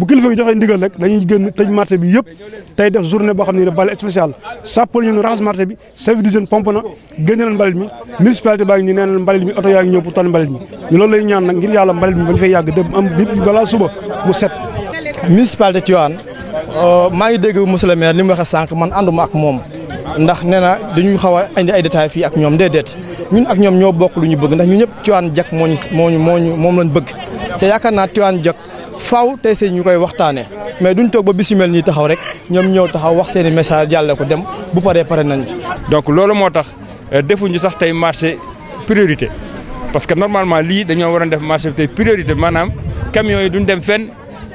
bu kilifa gi joxee ndigal rek dañuy génn tëj marché bi yëpp tey def journée boo xam ne ne bale spécial sàppal ñu raxas marché bi service d'hygiène na génne leen mbalit mi nee na mbalit mi oto yaa ñëw pour tànn mbalit mi ñu loolu lay ñaan nag ngir yàlla mbalit mi bañ fay yàgg dem am bi balaa suba mu set municipalité Tivaouane euh, maa ngi dégg monsieur le maire li mu waxee sànq man ànduma ak moom ndax nee na dañuy xaw a indi ay détails fi ak ñoom déedéet ñun ak ñoom ñoo bokk lu ñu bëgg ndax ñun ñëpp Tivaouane jak moo ñu moo ñu moo ñu moom lañ bëgg te yaakaar naa Tivaouane jak faaw tey see ñu koy waxtaanee mais duñ toog ba bis ñii taxaw rek ñoom ñëw taxaw wax seen i message jàlle ko dem bu paree pare nañ ci. donc loolu moo tax euh, defuñu sax tey marché priorité parce que normalement lii dañoo waroon def marché bi tey priorité maanaam camions yi duñ dem fenn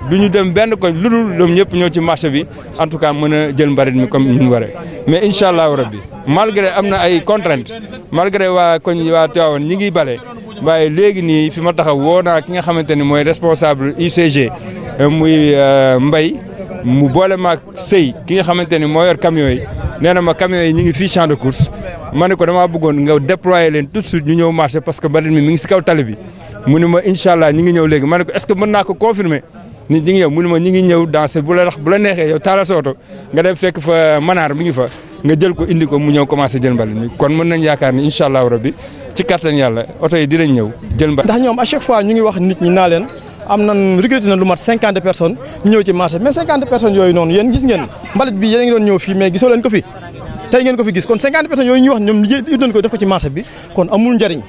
du ñu dem benn koñ lu dul ñoom ñëpp ñëw ci marché bi en tout cas mën a jël mbarit mi comme ni mu waree mais incha allahu rabbi malgré am na ay contraintes malgré waa koñ waa Tivaouane ñi ngi bale. waaye léegi nii fi ma taxaw woo naa ki nga xamante ni mooy responsable g euh, muy euh, mbay mu boole maag sëy ki nga xamante ni moo yor camion yi nee na ma camion yi ñu ngi fii champ de course ma ne ko damaa bëggoon nga déployer leen tout suite ñu ñëw marché parce que mbalit mi mi ngi si kaw tali bi mu ne ma incha ngi ñëw léegi ma ne ko est-ce que mën ngi ñëw mu ñu ñëw danser bu la bu la neexee yow taala sooto nga dem fekk fa manaar mi ngi fa nga jël ko indi ko mu ñëw commencé jël mbalit mi kon mën nañ yaakaar ni incha allah rabbi ci ci marché yooyu noonu wax ñoom liggéey ut ko ci marché bi kon amul njariñ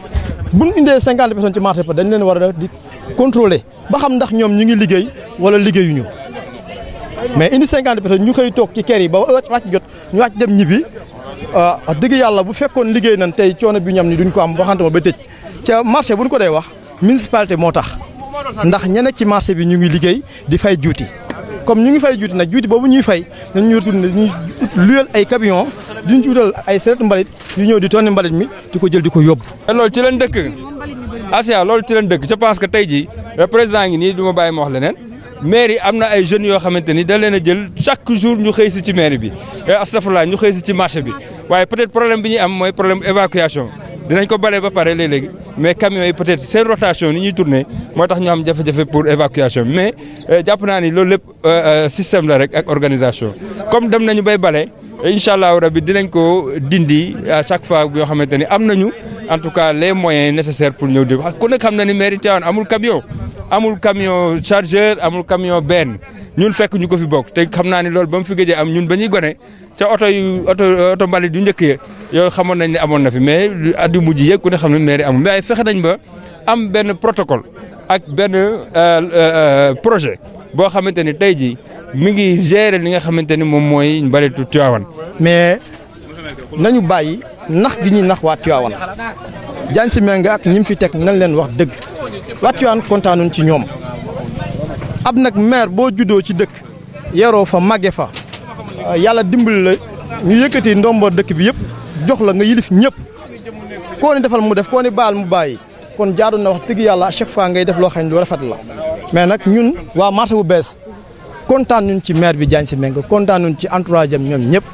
bu indee cinquante ci marché bi dañ leen war di contrôler ba xam ndax ñoom ñu ngi liggéey wala liggéeyuñu mais indi cinquante ñu xëy ci kër ba wàcc jot ñu wàcc dem ñibbi Euh, wax dëgg yàlla bu fekkoon liggéey nan tey coono bi ñam ni duñ ko am waxante ma ba tëj ca marché buñ ko dee wax municipalité moo tax ndax ñene ci marché bi ñu ngi liggéey di fay juuti comme ñu ngi fay juuti na juuti boobu ñuy fay nañ ñu retourné ñu luyal ay camion duñ ci wutal ay seret mbalit yu ñëw di tonni mbalit mi di ko jël di ko yóbbu eh, loolu ci leen dëkk Asia loolu ci leen dëkk je pense que tey jii eh, président ngi nii du ma bàyyi ma wax leneen mairie am na ay jeunes yoo xamante ni da leen a jël chaque jour ñu xëy si ci mairie bi eh, astafurlah ñu xëy si ci marché bi waaye peut-être problème bi ñuy am problème évacuation dinañ ko balee ba pare les mais camions yi peut-être c'est rotation ni ñuy tourner moo tax ñu am pour évacuation mais euh, jàpp naa ni loolu euh, euh, système la rek ak organisation comme dem nañu bay bale incha allahu rabi dinañ ko dindi à chaque fois yoo xamante ni am nañu en tout cas les moyens nécessaires pour nous di wax ku nekk xam na mairie amul camion amul camion chargeur amul camion benn ñun fekk ñu ko fi bokk te xam naa ne loolu ba mu fi gëjee am ñun ba ñuy gone ca oto yu oto oto mbalit yu njëkk ya yooyu xamoon nañ ne amoon na fi mais at yu mujj yëpp ku ne xam ne mairie amul mais ay nañ ba am benn protocole ak benn euh, euh, projet boo xamante ni tey jii mi ngi gérer li nga xamante ni moom mooy mbalitu Tivaouane. mais nañu bàyyi nax gi ñuy nax waa Tivaouane. Diagne Sy Mbengue ak ñi mu fi teg nañ leen wax dëgg. waa Tivaouane ci ñoom ab nag maire boo juddoo ci dëkk yeroo fa màgge fa yàlla dimbali la ñu yëkkati ndombo dëkk bi yëpp jox la nga yilif ñëpp koo defal mu def koo ni baal mu bàyyi kon jaadu na wax dëgg yàlla à chaque fois ngay def loo xam lu rafet la mais nag ñun waa marché bu bees kontaan nuñ ci maire bi Diagne Sy Mbengue kontaan nuñ ci entourage am ñoom ñëpp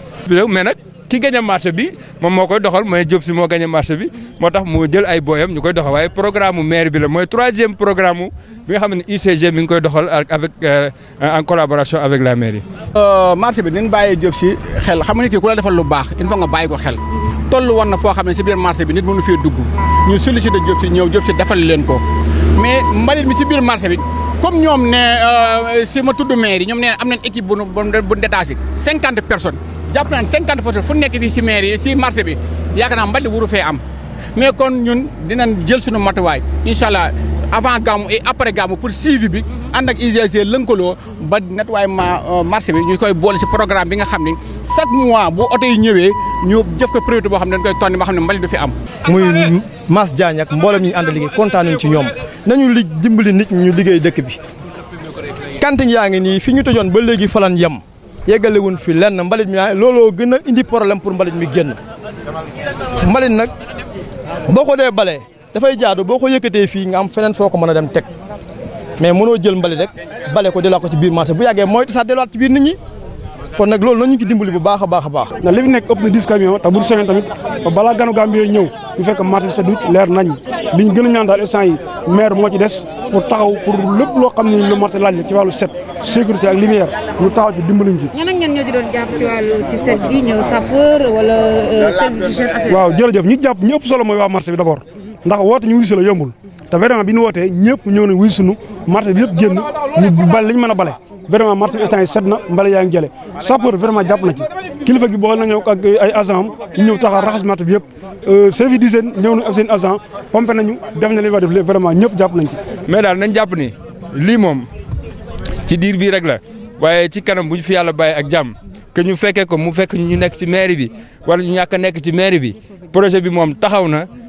mais nag ki gañ a bi moom moo koy doxal mooy Diop si moo gañ a bi moo tax mu jël ay booyam ñu koy doxal waaye programme mu maire bi la mooy troisième programme bi nga xam ne UCG mi ngi koy doxal avec euh, en collaboration avec la mairie. Euh, marché bi nañ bàyyi Diop si xel xam nga nit ki ku defal lu baax il faut bàyyi ko xel toll woon na foo xam ne si marché bi nit mënu fee dugg ñu sollicité Diop si ñëw Diop si defal leen ko mais mbalit mi si biir marché bi. comme ñoom ne euh, si ma tudd maire yi ñoom ne am nañ équipe bu nu bu nu détaché cinquante personnes. jàpp naa cinquante pour cent fu nekk fii si maire si marché bi yaakaar naa mbali wuru fee am mais kon ñun dina jël suñu matuwaay incha allah avant gàmmu et après gàmmu pour suivi bi ànd ak UGC lënkaloo ba nettoiement euh, marché bi ñu koy boole si programme bi nga xam ne chaque mois bu oto yi ñëwee ñu jëf ko priorité boo xam ne dañ koy tonni boo xam ne mbali du fi am. muy Mass Diagne ak mboolem ñu ànd liggéey kontaan nañ ci ñoom nañu li dimbali nit ñu liggéey dëkk bi kantin yaa ngi nii fi ñu tojoon ba léegi falan yem. yeggale wuñ fi lenn mbalit mi looloo gën a indi problème pour mbalit mi génn mbalit nag boo ko dee bale dafay jaadu boo ko yëkkatee fii nga am feneen foo ko mën a dem teg mais mënoo jël mbalit rek bale ko delloo ko ci biir marché bu yàggee mooy sax delluwaat ci biir nit ñi kon nag loolu nañu ci dimbali bu baax a baax a baax. na li fi nekk ëpp na 10 camions te bu du semaine tamit balaa ganu ñëw. bu fekk marché bi sedut leer nañ li ñu gën a ñaan daal instant yi maire moo ci des pour taxaw pour lépp loo xam ne lu marché laaj la ci wàllu set sécurité ak lumière ñu taxaw ci dimbaluñ ci. ñan ak ñan ñoo ci doon jàpp ci wàllu ci set ñëw sapeur wala. Euh, waaw jërëjëf ñi jàpp ñi ëpp solo mooy waa marché bi d'abord ndax woote ñu wisi la yombul te vraiment bi nu wootee ñëpp ñëw na wuy sunu marché bi yëpp génn ñu bal li man a bale vraiment marché bi instant yi na mbale yaa ngi jële sapeur vraiment na ci kilifa gi boole nañu ak ay agent am ñu ñëw bi yëpp euh, service d'hygiène ñëw na ak seen agent pompé nañu def na li war def lépp vraiment ñëpp jàpp nañ ci mais daal nañ jàpp ni lii moom ci diir bii rek la waaye ci kanam bu ñu fi yàlla bàyyi ak jàmm que ñu fekkee ko mu fekk ñu nekk si mairie bi wala ñu ñàkk a nekk ci mairie bi projet bi moom taxaw na